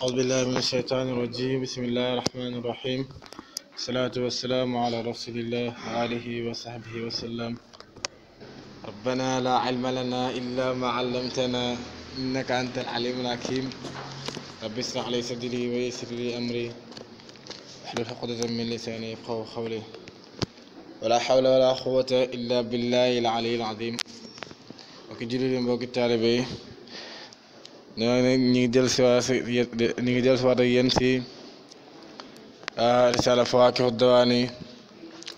أعوذ بالله من الشيطان الرجيم بسم الله الرحمن الرحيم الصلاة والسلام على رسول الله وآله وصحبه وسلم ربنا لا علم لنا إلا ما علمتنا إنك أنت العليم الحكيم رب اشرح لي صدري ويسر لي أمري واحلل عقدة من لساني يفقهوا قولي ولا حول ولا قوة إلا بالله العلي العظيم وكجلد بوك التالبين ñoo ne ñu ngi jël si waat si ñu ngi jël si waat ak si ah, risaala Fawaakihu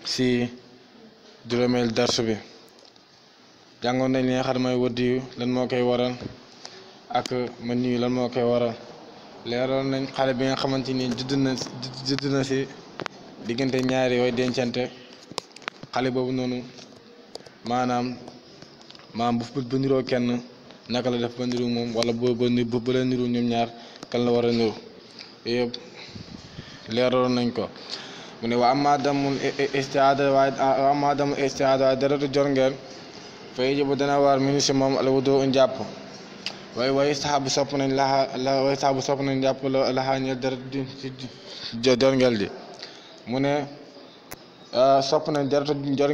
si juróomeel darsu bi jàngoon nañ li nga xam mooy wëdd yu lan moo koy waral ak mën yu lan moo koy waral leeroon nañ xale bi nga xamante ni judd na si diggante ñaari way dencante xale boobu noonu maanaam maam bu bu niroo kenn naka la def ba niru moom wala ba ba ba ñoom ñaar kan la war a niru yëpp leeraloon nañ ko mu ne wa amma damul istiaada waaye wa amma damul istiaada waaye daratu jor ngeen fay jëbu dana war minu si moom alwudu un jàpp waaye waaye saxaabu sopp nañ laxa la waaye saxaabu sopp jàpp la laxaa ñeel daratu di ci mu ne ah, sopp nañ daratu jor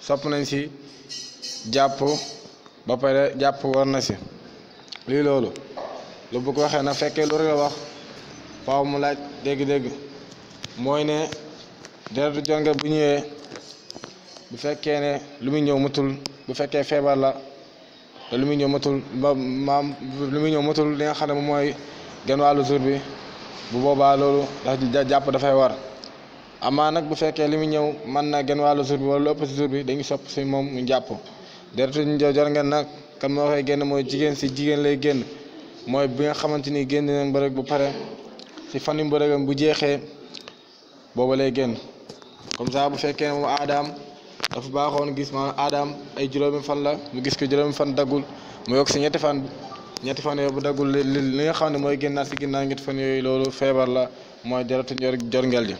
sopp nañ si jàpp ba pare jàpp war na si lii loolu lu bu ko waxee na fekkee lu la wax faaw mu laaj dégg-dégg mooy ne deretu jonge bu ñëwee bu fekkee ne lu muy ñëw matul bu fekkee feebar la te lu muy ñëw matul ba maam lu muy ñëw matul li nga xam ne mooy genn wàllu jour bi bu boobaa loolu ndax jàpp dafay war amaa nag bu fekkee li muy ñëw mën naa genn wàllu jour bi wala lu ëpp si jour bi dañuy sopp si moom mu jàpp deretu jar ngeen nag kan moo koy génn mooy jigéen si jigéen lay génn mooy bi nga xamante ni génn nañ mbërëg bu pare si fan yu mbërëgam bu jeexee booba lay génn comme ça bu fekkee moom aadaam dafa baaxoon gis ma aadaam ay juróomi fan la mu gis ko juróomi fan daggul mu yokk si ñetti fan ñetti fan yooyu bu daggul li li xam ne mooy génnaat si ginnaaw ñetti fan yooyu loolu feebar la mooy deretu jor jorngel ji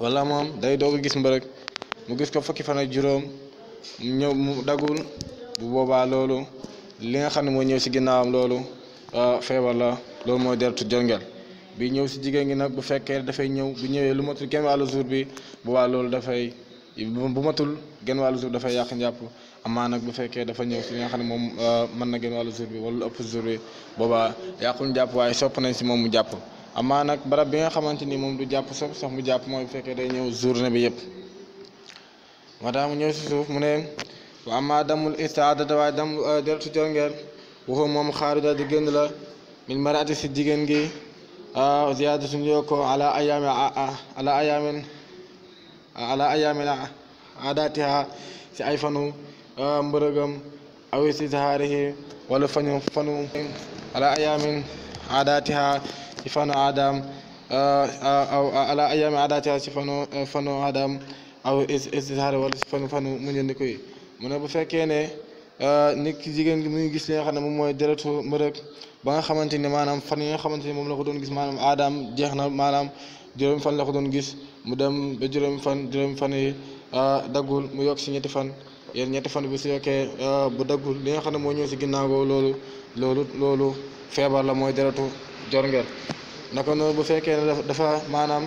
wala moom day doog a gis mbërëg mu gis ko fukki fan ak juróom ñëw mu dagul bu boobaa loolu li nga xam ne mooy ñëw si ginnaawam loolu ah, feebar la loolu mooy deretu jongel bi ñëw si jigéen gi nag bu fekkee dafay ñëw bu ñëwee lu matul genn wàllu jour bi bu waa loolu dafay bu matul genn wàllu jour dafay yàq njàpp amaa nag bu fekkee dafa ñëw si li nga xam ne moom ah, mën na genn wàllu jour bi wala lu ëpp jour bi boobaa waaye sopp nañ si moom mu jàpp amaa nag barab bi nga xamante ni moom du jàpp sopp sax mu jàpp mooy bu fekkee day ñëw na bi yëpp moo tax mu ñëw si suuf mu ne wa amma damul istaadata waaye dam euh, deltu jongeen waxu moom xaarida di génn la min marati si jigéen gi ziyaadatun yokku ala ayaami ala ayaamin ala ayaamin aadaatiha si ay fanu euh, mbërëgam aw si tahaarihi wala fañu fanu ala ayaamin aadaatiha si fanu aadam euh, ala ayaamin aadaatiha si fanu fanu aadam aw istihaara wala si fan fanu mu ñënd ko yi mu ne bu fekkee ne euh, nit ki jigéen gi mu ngi gis li nga xam ne moom mooy deretu mbërëg ba nga xamante ni maanaam fan yi nga xamante ni moom la ko doon gis maanaam aadaam jeex na maanaam juróomi fan la ko doon gis mu dem ba juróomi fan juróomi fan yi euh, daggul mu yokk si ñetti fan yéen ñetti fan bi si yokkee euh, bu daggul li nga xam ne moo ñëw si ginnaaw loolu loolu loolu feebar la mooy deretu jorngeel naka noonu bu fekkee ne dafa maanaam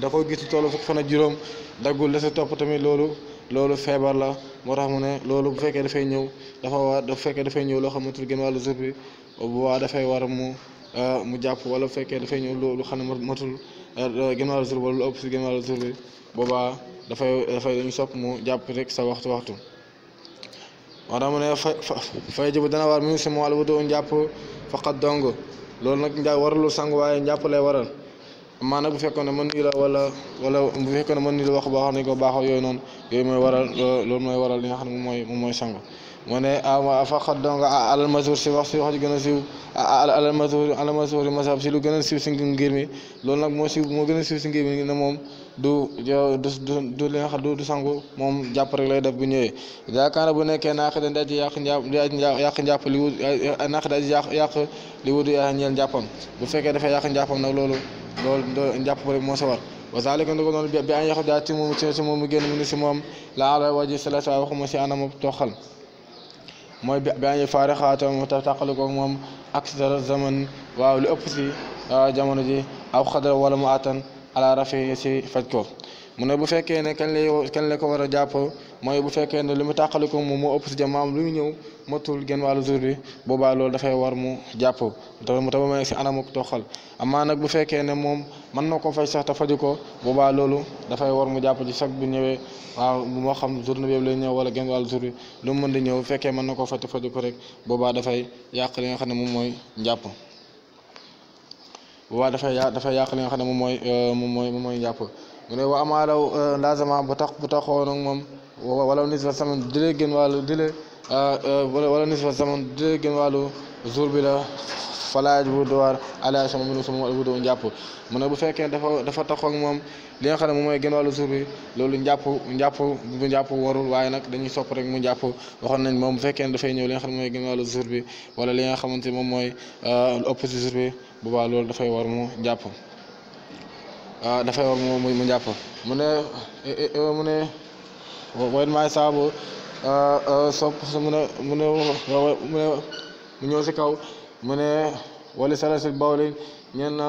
da gis toolu fukk fan ak juróom daggul la sa topp tamit loolu loolu feebar la moo tax mu ne loolu bu fekkee dafay ñëw dafa war bu fekkee dafay ñëw loo xamante ni gën wàllu jour bi bu war mu euh, mu jàpp wala bu fekkee dafay ñëw loolu xam ne matul euh, gën wàllu jour wala lu ëpp si gën wàllu bi boobaa dafay dafay sopp mu jàpp rek sa waxtu waxtu moo tax mu ne fa fay jëbu dana war mu si mu wàllu wutu njàpp faqat dong loolu nag warul sangu waaye njàpp lay waral maa bu fekkoon ne mën nii la wala wala bu fekkoon ne mën nii la wax baaxoon nañ ko yooyu noonu yooyu mooy waral loolu mooy waral li nga xam ne moom mooy moom mooy sangu mu ne ah, a faqat donc alal masuur si wax si ji gën a siiw ah, alal masuur alal masuur masab si lu gën a siiw si mi loolu nag moo moo gën a siiw si ngir mi ne moom du du du li nga xam du moom jàpp lay def bu ñëwee yaakaar bu nekkee naaq dañ daji yàq njàpp yàq njàpp li wut naaq yàq yàq li wut ñeel njàppam bu fekkee dafay yàq njàppam nag loolu loolu loolu njàpp moo sa war wa zalika ni ko noonu bi an yaxu daa si moom mu génn mu ni si moom la ala waji salat waaye waxuma si anam toxal mooy bi an faari xaatam ta tàqali ko moom aksara zaman waaw lu ëpp si ah, jamono ji aw xadra wala mu àttan ala rafi si faj mu ne bu fekkee ne kañ lay kañ la ko war a jàpp mooy bu fekkee ne lu mu tàqali ko moom moo ëpp si jamaam lu mu ñëw matul genn wàllu jour bi boobaa loolu dafay war mu jàpp te mu taba may si anamuk toxal amaa nag bu fekkee ne moom mën na ko faj sax te faju ko boobaa loolu dafay war mu jàpp chaque bu ñëwee waaw moo xam journée bi yëpp lay ñëw wala genn wàllu jour bi lu mu mën di ñëw bu fekkee mën na ko faj te faju ko rek boobaa dafay yàq li nga xam ne moom mooy njàpp boobaa dafay yàq dafay yàq li nga xam ne moom mooy euh, moom mooy moom mooy njàpp mu ne wa amaalaw lazama euh, bu tax bu taxoo nag moom euh, euh, wala nisfa saman dile gën wàllu dile wala nisfa saman dile gën wàllu jour bi la falaaj bu duwaar ala sama minu sama al wudu njàpp mu ne bu fekkee dafa dafa taxoo ak moom li xam ne mooy gën wàllu jour bi loolu njàpp njàpp bu njàpp warul waaye nag dañuy sopp rek mu njàpp waxoon nañ moom bu fekkee ne dafay ñëw li nga xam mooy gën wàllu jour bi wala li nga xamante moom mooy ëpp jour bi bu baax loolu dafay war mu njàpp Ah, dafay war mu mu jàpp mu ne eh, eh, eh, mu ne wayen maay saabu ah, ah, sopp mu ne mu ne mu ne ñëw si kaw mu ne wali salasil bawli ñeen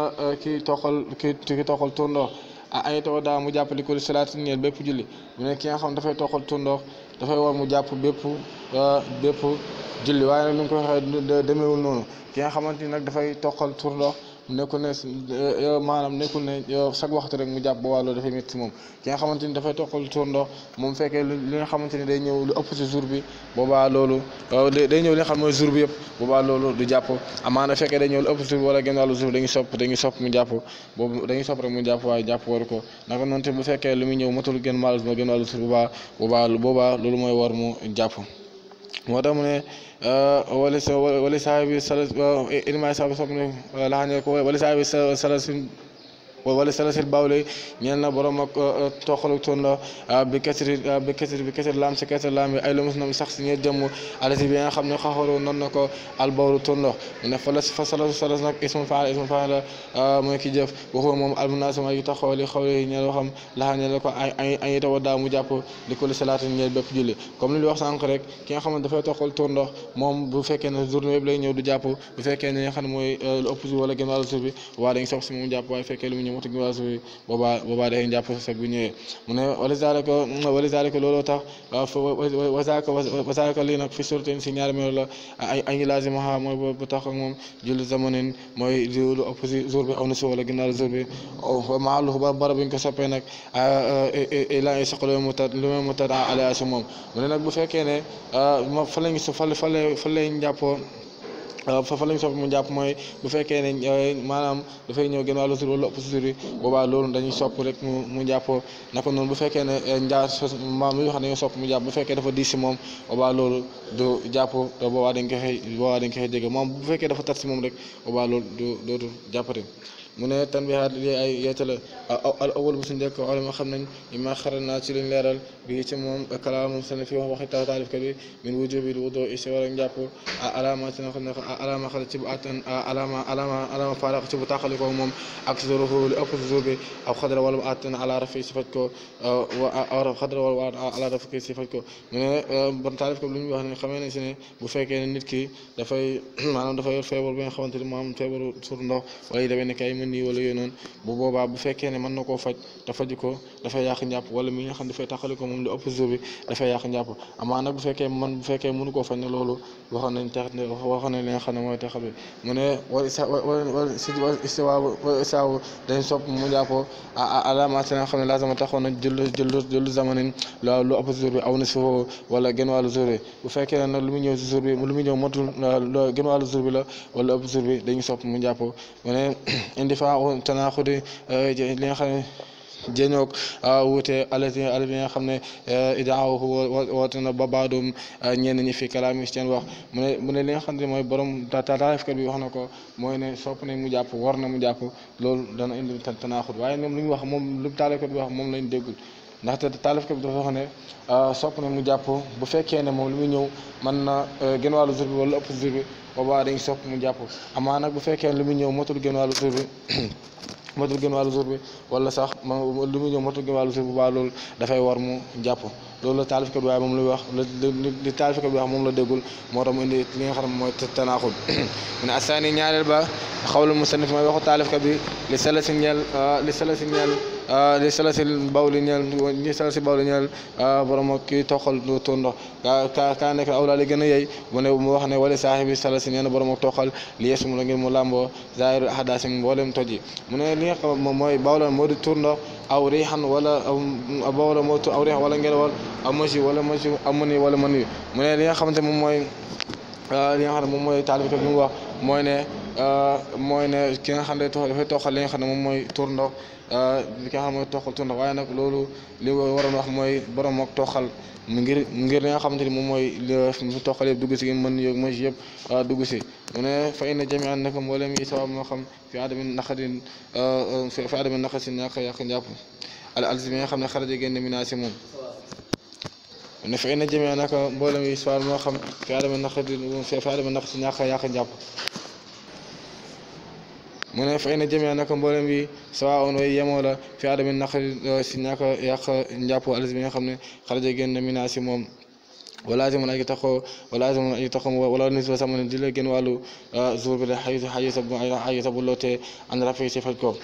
kii toqal kii ki toqal tuur ndox ah ay taw daa mu jàppali ko salaati ñeel bépp julli mu ne ki nga xam dafay toqal tuur ndox dafay war mu jàpp bépp bépp julli waaye nag ni mu ko waxee demeewul noonu ki nga xamante ni nag dafay toqal tuur nekkul ne eh, eh, maanaam nekkul ne eh, chaque waxtu rek mu jàpp ba wàllu dafay métti moom ki nga xamante ni dafay toqal toon ndox moom fekkee li nga xamante ni day ñëw lu ëpp si boobaa loolu day ñëw li nga xam mooy jour bi yëpp boobaa loolu du jàpp amaana fekkee day ñëw lu ëpp jour wala genn wàllu jour sopp dañuy sopp mu jàpp boobu dañuy sopp rek mu jàpp waaye jàpp waru ko naka noonu te bu fekkee muy ñëw matul genn wàllu genn wàllu jour boobaa boobaa boobaa loolu mooy war mu jàpp moo tax mu ne wali wali saabi salas ilma saabi sa wala saabi salas wala salasil bawle ñeel na borom ak uh, uh, toxalu ton la uh, bi kasri bi kasri bi kasri laam si kasri laam yi ay lu mus nam sax si ñe jëmm alati bi nga ne xaxaroo la mu ne fa la fa salasu salas nag ismu faal ismu faal la mooy ki jëf waxoo moom almunasima yu taxaw xam ne dafay toxal ton moom bu fekkee ne journée yëpp lay ñëw du jàpp bu fekkee ne nga xam mooy lu ëpp jour wala gën wàllu jour bi waa si moom jàpp waaye fekkee lu mu ñëw ñu mata gi waa suuf boobaa boobaa day jàpp sag bi ñëwee mu ne wala zaalika wala zaalika looloo tax wasaaka wasaaka lii nag fi surten si ñaari melo la ay ñu laazim ha mooy bu tax ak moom julli zamanin mooy lu ëpp si jour bi aw na si wala ginnaaw jour bi maalu barab bi ñu ko soppee nag ilaa ay soqalo mu lu mu tat ala si moom mu ne bu fekkee ne fa Euh, fafa lañ sopp mu jàpp mooy bu fekkee ne euh, maanaam dafay ñëw gën wàllu sur wala ëpp sur yi boobaa loolu dañuy sopp rek mu mu jàppoo naka noonu bu fekkee ne euh, njaar maam li ñu wax dañoo sopp mu jàpp bu fekkee dafa diis si moom boobaa du jàpp te boobaa dañ ko xëy boobaa bu fekkee dafa tar si moom rek boobaa loolu du dootu jàppati mu ne tanbihaat li ay yeete a al awal bu si njëkk olama xam nañ yi ma xaral naa ci lañ leeral bi ci moom kalaam moom seen fi wax waxi a taalif kat bi min wujubil wudu i si war ak njàpp a alama si na xam ne alama xala ci bu attan alama alama alama faaraq ci bu tàqalikoo moom ak zuruhu li ëpp zuur bi aw xadra wala bu attan ala rafi si faj ko wa xadra wala bu attan ala rafi si faj ko mu ne e, ban taalif kat lu ñu wax ne xamee nañ si ne bu fekkee ne nit ki dafay maanaam dafay feebar bi nga xamante ni maanaam feebaru wala yu demee kay mën nii wala yooyu noonu bu boobaa bu fekkee ne mën na koo faj te faju dafay yàq njàpp wala mi nga moom di ëpp jour bi dafay yàq njàpp amaa nag bu fekkee man bu fekkee mënu koo fañ ne loolu waxoon nañ tax waxoon nañ li nga xam ne mu ne wal isa dañ sopp mu jàppoo alama si nga na jëllu jëllu jëllu zamanin la lu ëpp jour bi aw bu fekkee ne nag lu mu ñëw si jour bi lu mu ñëw motul genn jour bi la wala ëpp jour bi dañu sopp mu jàpp mu ne indi fa tanaaxudi euh, li nga xam jëñoog ah, wuute alati ala bi nga xam ne eh, idaahu woote na babaadum eh, ñenn ñi fi kalaami seen wax mu ne mu ne li nga xam ne mooy borom taarifkat bi wax na ko mooy ne sopp nañ mu jàpp war na mu jàpp loolu dana indi tanaaxut waaye ñoom lu ñu wax moom lu taalifkat bi wax moom lañ déggul ndaxte taalifkat bi dafa wax ne ah, sopp nañ mu jàpp bu fekkee ne moom lu mu ñëw man na eh, gën wàllu jour bi wala ëpp jour bi boobaa dañ sopp mu jàpp amaa nag bu fekkee ne li mu ñëw moo gën wàllu jour matul gën wàllu jour bi wala sax ma li muy ñëw matul gën wàllu jour bu baax loolu dafay war mu jàpp loolu la taalifkat bi waaye moom la wax li taalifkat wax moom la déggul moo tax mu indi li nga xam ne mooy tanaaxul mu a asaani ñaareel ba xawlu musannif mooy waxu taalifkat bi li sala si ñeel li sala si ñeel li ah, salasil bawli ñeel li salasi bawli ñeel ah, borom kii toqal tuur ndox ah, ka ka nekk awlaa li gën a yey mu ne mu wax ne wala saaxibi salasi nee na borom toqal li yes mu la ngir mu làmboo zaahir ahadaasi mboolem toj yi mu ne li nga xam moom mooy bawla moo di tuur ndox aw riixan wala bawla moo tu aw riix wala ngelawal amosi wala mosi amuni wala mëni mu ne li nga xamante moom mooy li nga xam ne moom mooy taalif bi mu mooy ne Euh, mooy ne ki nga xam ne dafay toqal li nga ne moom mooy tur ndox euh, li nga xam ne mooy toqal tur waaye nag loolu li waroon wax mooy borom ak toqal ngir ngir li nga xamante ni moom mooy li toqal yëpp dugg si gi mën yëg mos yëpp euh, dugg si mu ne fa inna jamian naka mboolem yi sabab xam fi adami naqadin fi adami naqasin ñàkk yàq njàpp al alzim nga xam ne xaraja génn minaa si moom ne fa inna jamian naka mboolem yi sabab moo xam fi adami naqadin fi adami naqasin ñàkk yàq njàpp mu ne fay na jëmee naka mboolem bi sawa on way yemoo la fi adami naqari si ñàkk yàq njàpp alis bi nga xam ne xaraja génn mina si moom wala si mun aji taxoo wala si mun aji taxoo wala nisba samane di la gën wàllu euh, jour bi de xayu xayu sa xayu sa bu lootee ànd rafet si faj ko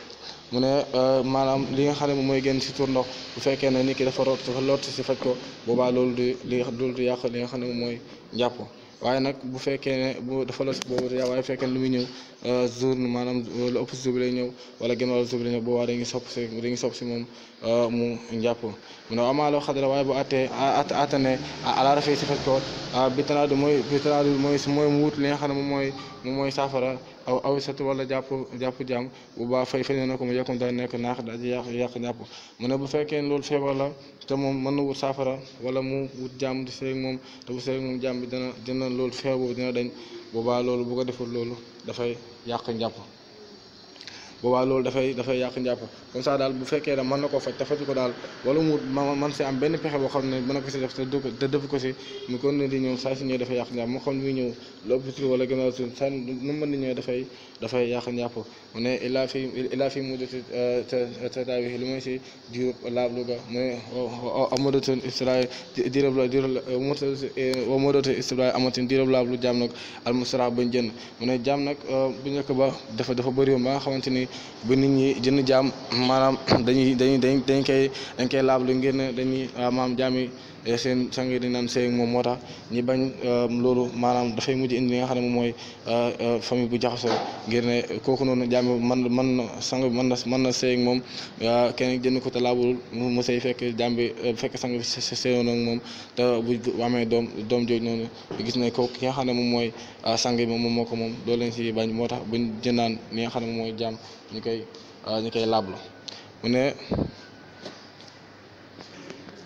mu ne euh, maanaam li nga xam ne moom mooy génn si tur ndox bu fekkee ne nit ki dafa root dafa loot si faj ko booba loolu di li loolu du yàq li nga xam ne moom mooy njàpp waaye nag bu fekkee ne bu dafa la boobu waaye bu fekkee ne lu muy ñëw euh, jour maanaam euh, lu ëpp si suuf lay ñëw wala gannaaw suuf bi lay ñëw boobaa dañuy sopp si dañuy sopp si moom euh, mu njàpp mun a amaa loo xadara waaye bu attee attane àla rafet si faj ko bi tanaadu mooy bi tanaadu mooy mooy mu wut li nga xam moom mooy moom mooy saafara aw aw sat wala jàpp jàpp jàmm bu baax fay fay na ko mu yokkum daa nekk naax daal ci yàq yàq jàpp mu ne bu fekkee loolu feebar la te moom mën na wut saafara wala mu wut jàmm di seeg moom te bu seeg moom jàmm bi dana dina loolu feebar boobu dina dañ bu baa loolu bu ko deful loolu dafay yàq njàpp boobaa loolu dafay dafay yàq njàpp comme ça daal bu fekkee da mën na koo faj te faju ko daal wala mu man si am benn pexe boo xam ne mën na ko si def te def ko si mu kon ne di ñëw saa fi ilaa fi mu doti tataawi euh, li mooy si diirub laabluga mu ne amadotoon istilaay diirab la diirab la modoto istilaay amatin diirab laablu jaam nag almusra bañ jënd mu ne jaam nag euh, bu njëkk ba dafa dafa ba nga xamante ni bu nit ñi jënd jaam maanaam dañuy dañuy dañ dañ koy dañ koy laablu ne dañuy ah, maam jaam Eh, seen sang yi dañ naan sëy moom moo tax ñi bañ euh, loolu maanaam dafay mujj indi li nga xam ne moom mooy euh, euh, famille bu jaxasoo ngir ne kooku noonu jaam man man na sang bi mën na mën na sëy moom kenn jënd ko te laabul mu sëy fekk jaam bi fekk sang bi sëyoon ak moom te bu amee doom doom jooju noonu gis ne kooku ki nga xam ne moom mooy sang bi moom moo ko moom loolu lañ si bañ moo tax bu buñ jëndaan li nga xam ne moom mooy jaam ñu koy ñu koy laablu mu ne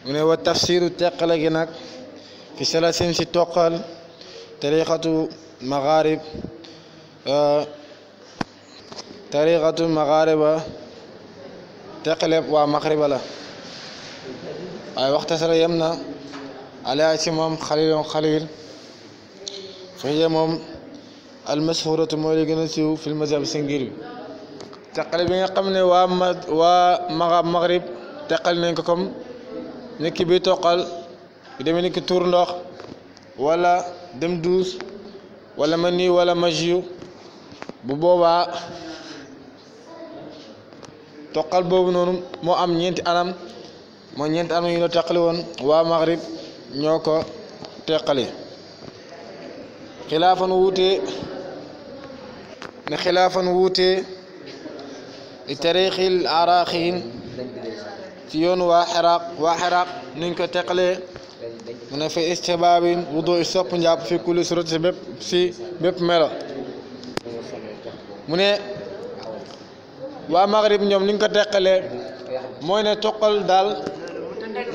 mu ne wa tafsiru teqale gi nag fi salasin si toqal tariqatu magharib euh, tariqatu maghariba teqaleb waa maghriba la waaye waxtasara yem na alaa ci moom xaliloon xalil fahiya moom almashhuratu mooy li gën a siiw fil mazhab si ngir bi teqale bi nga xam ne waa ma waa maghrib teqal nañ ko comme nit bi toqal deme demee ni ki tuur ndox wala dem duus wala ma nii wala ma jiw bu boobaa toqal boobu noonu moo am ñeenti anam moo ñeenti anam yu ñu teqali woon waa ñoo ko teqali xilaafan wuute ne xilaafan wuute li tariixil araaxiin ci yoon waa xiraq waa xiraq nuñ ko teqalee mu ne fa istihbaabi wudu i sopp njàpp fi kulli surat si bépp melo mu ne waa maghrib ñoom niñ ko teqalee mooy ne toqal daal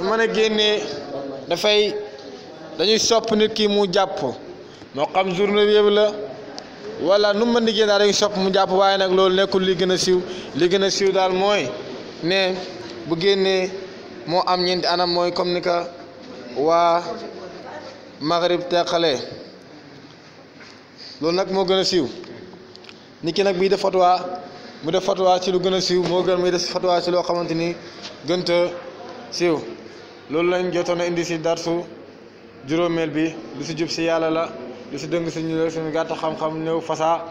mën a génnee dafay dañuy sopp nit kii mu jàpp moo xam journée yëpp la wala nu mu mën di génn daal dañuy sopp mu jàpp waaye nag loolu nekkul li gën a siiw li gën a siiw daal mooy ne bu génnee moo am ñeenti anam mooy comme ni ka waa maghrib teqale loolu nag moo gën a siiw nit ki nag buy def fatwa mu def fatwa ci lu gën a siiw moo gën muy def fatwa ci loo xamante ni gënta siiw loolu lañ jotoon a indi si darsu juróomeel bi lu si jub si yàlla la lu si dëng si ñu la suñu gàtt xam-xam néew fasaa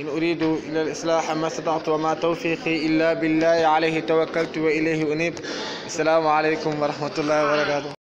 in uridu illa al islaha ma stataatu wa ma tawfiqi illa billahi alayhi tawakkaltu wa ilayhi unib assalaamu aleykum wa rahmatullahi wa barakatuh